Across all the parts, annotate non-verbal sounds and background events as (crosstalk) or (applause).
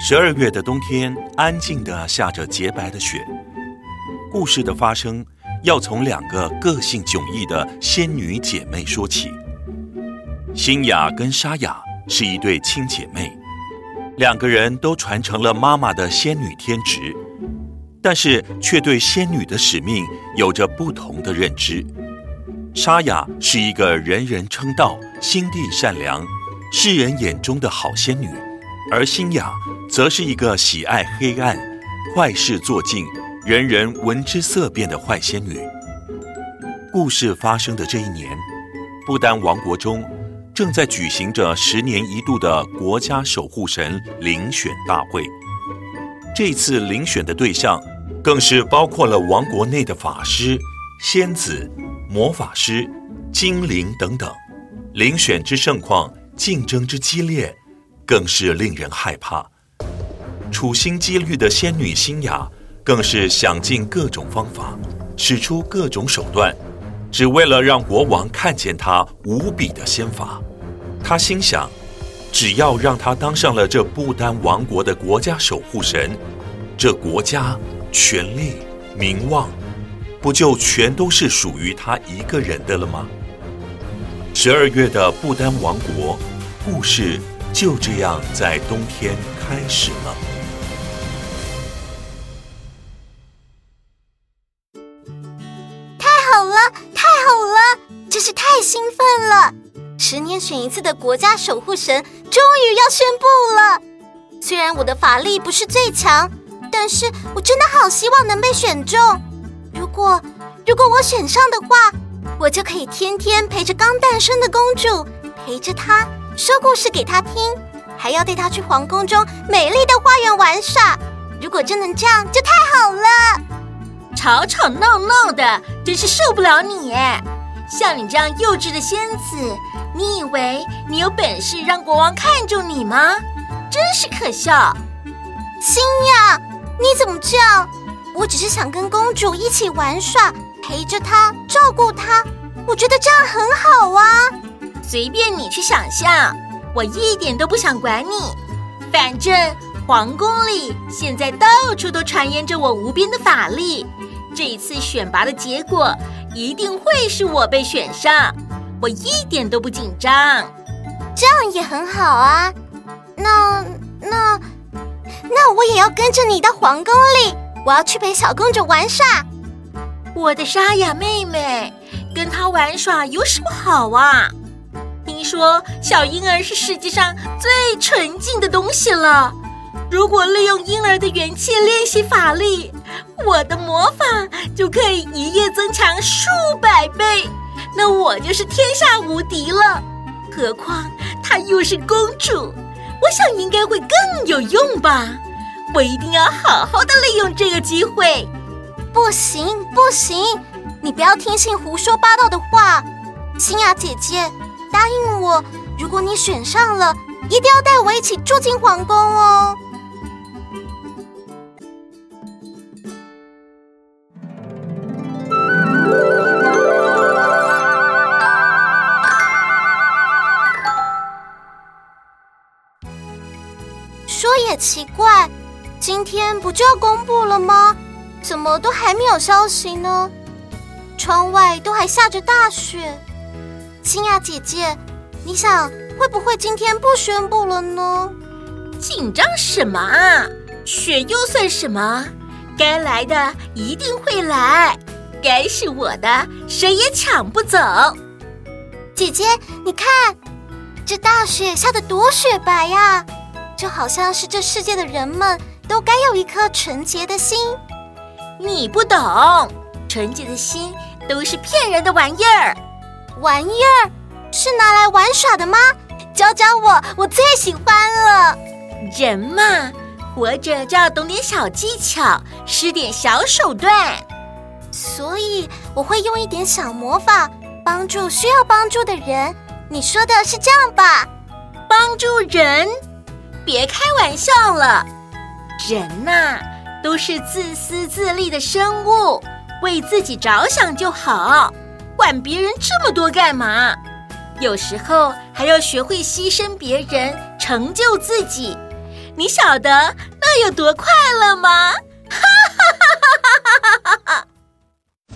十二月的冬天，安靜地下着潔白的雪。故事的發生要從兩個個性迥異的仙女姐妹說起。芯雅跟莎雅是一對親姐妹，兩個人都傳承了媽媽的仙女天職，但是卻對仙女的使命有着不同的認知。莎雅是一個人人稱道、心地善良、世人眼中的好仙女。而芯雅則是一個喜愛黑暗、壞事做盡、人人聞之色變的壞仙女。故事發生的這一年，不丹王國中正在舉行着十年一度的國家守護神遴選大會。這次遴選的對象更是包括了王國內的法師、仙子、魔法師、精靈等等。遴選之盛況，競爭之激烈。更是令人害怕。處心積慮的仙女芯雅，更是想盡各種方法，使出各種手段，只為了讓國王看見她無比的仙法。她心想，只要讓她當上了這不丹王國的國家守護神，這國家、權力、名望，不就全都是屬於她一個人的了嗎？十二月的不丹王國故事。就這樣，在冬天開始了。太好了，太好了，真是太興奮了！十年選一次的國家守護神終於要宣布了。雖然我的法力不是最強，但是我真的好希望能被選中。如果如果我選上的話，我就可以天天陪着剛誕生的公主，陪着她。說故事給他聽，還要帶他去皇宮中美麗的花園玩耍。如果真能這樣，就太好了。吵吵鬧鬧的，真是受不了你！像你這樣幼稚的仙子，你以為你有本事讓國王看中你嗎？真是可笑！芯雅，你怎麼這樣？我只是想跟公主一起玩耍，陪着她，照顧她。我覺得這樣很好啊。隨便你去想象，我一點都不想管你。反正皇宮裡現在到處都傳言着我無邊的法力，這一次選拔的結果一定會是我被選上。我一點都不緊張，這樣也很好啊。那那那我也要跟着你到皇宮裡，我要去陪小公主玩耍。我的莎雅妹妹，跟她玩耍有什麼好啊？你說小嬰兒是世界上最純淨的東西了。如果利用嬰兒的元氣練習法力，我的魔法就可以一夜增強數百倍，那我就是天下無敵了。何況她又是公主，我想應該會更有用吧？我一定要好好的利用這個機會。不行，不行，你不要聽信胡說八道的話，芯雅姐姐。答應我，如果你選上了，一定要帶我一起住進皇宮哦。說也奇怪，今天不就要公布了嗎？怎麼都還沒有消息呢？窗外都還下着大雪。芯雅姐姐，你想會不會今天不宣布了呢？緊張什麼啊？雪又算什麼？該來的一定會來，該是我的誰也搶不走。姐姐，你看這大雪下得多雪白呀，就好像是這世界的人們都該有一顆純潔的心。你不懂，純潔的心都是騙人的玩意兒。玩意兒是拿來玩耍的嗎？教教我，我最喜歡了。人嘛，活着就要懂點小技巧，施點小手段，所以我會用一點小魔法幫助需要幫助的人。你說的是這樣吧？幫助人？別開玩笑了，人吶，啊，都是自私自利的生物，為自己着想就好。管別人這麼多幹嘛？有時候還要學會犧牲別人，成就自己。你曉得那有多快樂嗎？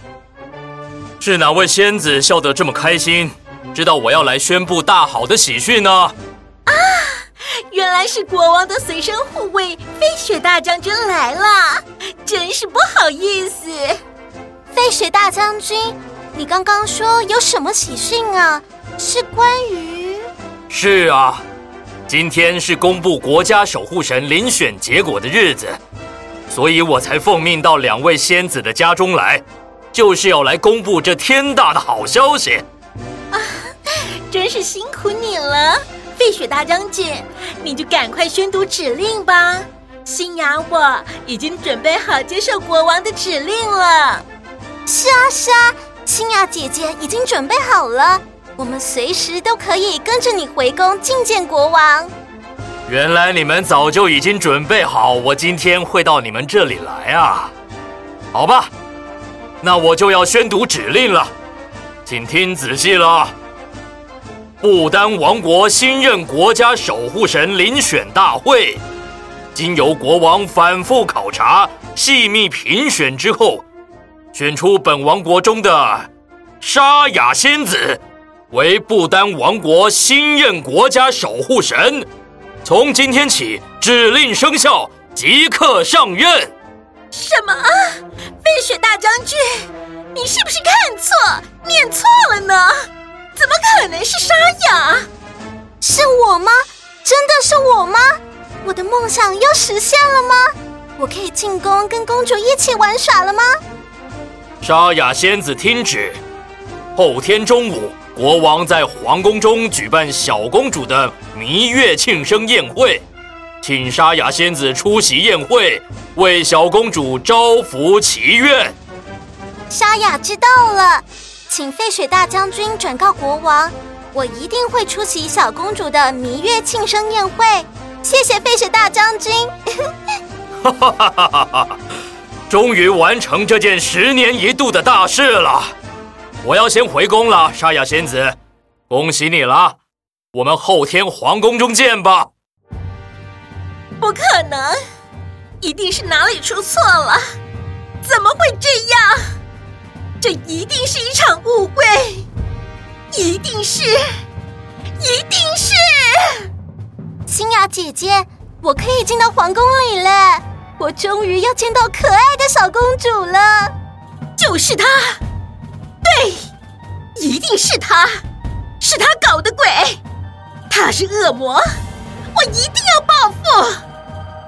(laughs) 是哪位仙子笑得這麼開心？知道我要來宣布大好的喜訊呢？啊，原來是國王的隨身護衛費雪大將軍來了，真是不好意思，費雪大將軍。你剛剛說有什麼喜訊啊？是關於？是啊，今天是公布國家守護神遴選結果的日子，所以我才奉命到兩位仙子的家中來，就是要來公布這天大的好消息。啊，真是辛苦你了，費雪大將軍，你就趕快宣讀指令吧。芯雅，我已經準備好接受國王的指令了。是啊，是啊。芯雅姐姐已經準備好了，我們隨時都可以跟着你回宮覲見國王。原來你們早就已經準備好，我今天會到你們這裡來啊？好吧，那我就要宣讀指令了，請聽仔細了。不丹王國新任國家守護神遴選大會，經由國王反覆考察、細密評選之後。選出本王國中的莎雅仙子為不丹王國新任國家守護神，從今天起指令生效，即刻上任。什麼啊！費雪大將軍，你是不是看錯、念錯了呢？怎麼可能是莎雅？是我嗎？真的是我嗎？我的夢想又實現了嗎？我可以進宮跟公主一起玩耍了嗎？莎雅仙子聽旨，後天中午，國王在皇宮中舉辦小公主的彌月慶生宴會，請莎雅仙子出席宴會，為小公主招福祈願。莎雅知道了，請費雪大將軍轉告國王，我一定會出席小公主的彌月慶生宴會。謝謝費雪大將軍。哈，哈哈哈哈哈。終於完成這件十年一度的大事了，我要先回宮了。莎雅仙子，恭喜你了，我們後天皇宮中見吧。不可能，一定是哪裡出錯了，怎麼會這樣？這一定是一場誤會，一定是，一定是。芯雅姐姐，我可以進到皇宮裡了。我終於要見到可愛的小公主了，就是她，對，一定是她，是她搞的鬼，她是惡魔，我一定要報復，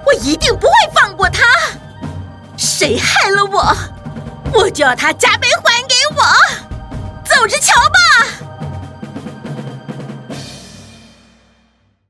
我一定不會放過她，誰害了我，我就要她加倍還給我，走着瞧吧。